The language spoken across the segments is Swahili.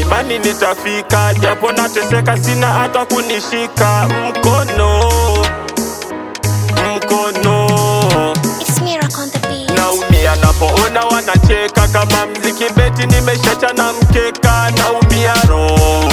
imani nitafika, japo nateseka, sina hata kunishika mkono mkono. Naumia napoona wanacheka, kama mziki beti, nimeshacha na mkeka. Naumia roho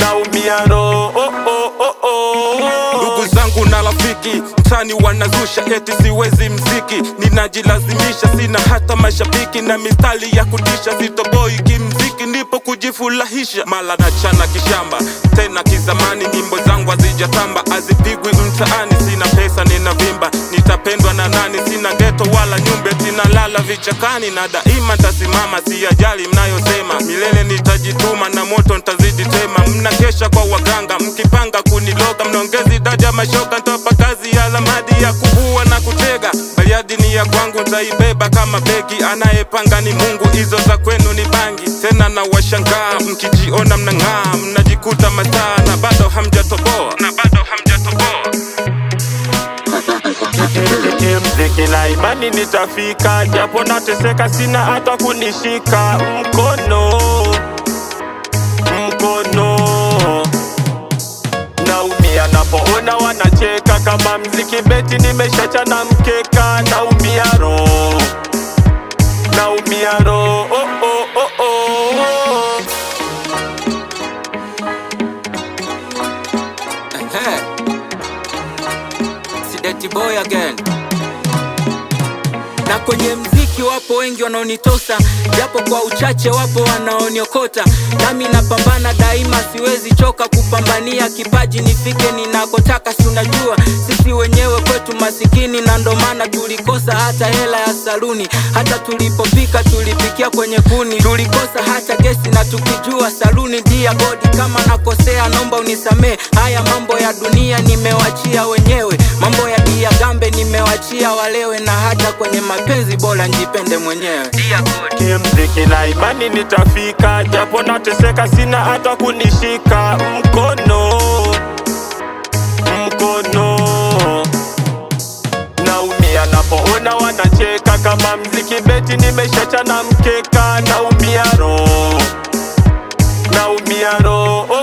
naumia roho, oh, oh, oh, ndugu zangu na rafiki utani wanazusha, eti siwezi mziki, ninajilazimisha, sina hata mashabiki na mistali ya kutisha, sitoboi kimziki, ndipo kujifurahisha, mala na chana kishamba tena kizamani, nyimbo zangu hazijatamba, hazipigwi mtaani, sina pesa ninavimba, nitapendwa na nani? Sina geto wala nyumbe, sina lala vichakani, na daima tasimama si siyajali mnayosema milele nitajituma na moto ntazidi tema. Mnakesha kwa waganga mkipanga kuniloga, mnaongeza idadi ya mashoka, ntapa kazi ya lamadi ya kuvua na kutega. Bariadi ni ya kwangu ntaibeba kama begi, anayepanga ni Mungu, hizo za kwenu ni bangi. Tena na washangaa mkijiona mnang'aa, mnajikuta mataa na bado hamjatoboa na bado mziki na imani nitafika, japo nateseka, sina hata kunishika mkono. anapoona wanacheka kama mziki beti, nimeshacha na mkeka, na roho, naumia roho oh, oh, oh, oh. Si boy again na kwenye mziki haki, wapo wengi wanaonitosa, japo kwa uchache wapo wanaoniokota. Nami napambana daima, siwezi choka kupambania kipaji nifike ninakotaka. Si unajua sisi wenyewe kwetu masikini, na ndo maana tulikosa hata hela ya saluni, hata tulipopika tulipikia kwenye kuni, tulikosa hata gesi, na tukijua saluni dia bodi. Kama nakosea nomba unisamee, haya mambo ya dunia nimewachia wenyewe, mambo ya gambe ni Sia walewe na hata kwenye mapenzi bora njipende mwenyewe. Kimziki na imani nitafika, japo nateseka sina hata kunishika mkono mkono. Naumia napoona wanacheka, kama mziki beti nimeshacha na mkeka. Naumia roho, naumia roho